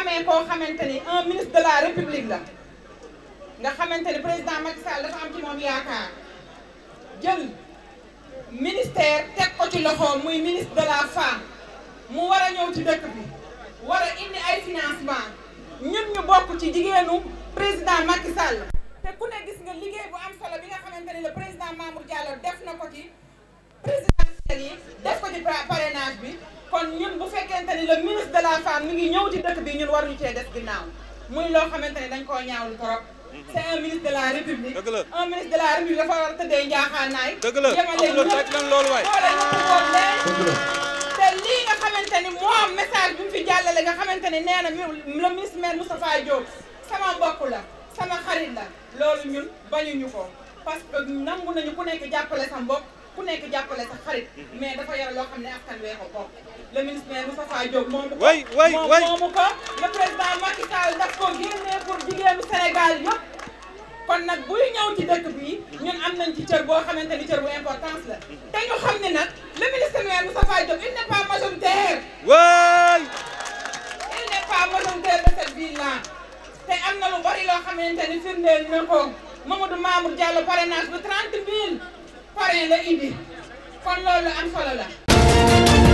amee koo xamante ni un ministre de la république la nga xamante ni président Macky Sall dafa am ci moom yaakaar jël ministère teg ko ci loxoom muy ministre de la femme mu war a ñëw ci dëkk bi war a indi ay financement ñun ñu bokk ci jigéenu président Macky Sall te ku ne gis nga liggéey bu am solo bi nga xamante le président Mamour Diallo def na ko ci présidentielle yi def ko ci parrainage bi kon ñun bu fekkente ni le ministre de la femme mi ngi ñëw ci dëkk bi ñun waruñu cee des ginnaaw loo xamante ni dañ koo ñaawlu trop. Mhm. c'est un ministre de la république. war a tëddee njaaxaanaay. dëgg la amuloo teg nañ loolu waay ah. te lii nga xamante ni moom message bi mu fi jàllale nga xamante ni nee na ministre maire Moustapha Diop sama mbokk la sama xarit la loolu ñun bañuñu ko parce que nangu nañu ku nekk jàppale sa mbokk. ku nekk jàppale sa xarit. mais dafa yore loo xam ne askan wee ko bokk. le ministre Moustapha Diop moomu ko. way ko le président Macky Sall daf ko génnee pour jigéenu Sénégal yëpp. kon nag buy ñëw ci dëkk bi ñun am nañ ci cër boo xamante ni cër bu importance la. te ñu xam ne nag le ministre Moustapha Diop il n'est pas majoritaire. way il n'est pas majoritaire de cette ville-là. te am na lu bari loo xamante ni firndeel na ko Mamadou Mamour Diallo parrainage bu 30 000. moyen la indi kon loolu am solo la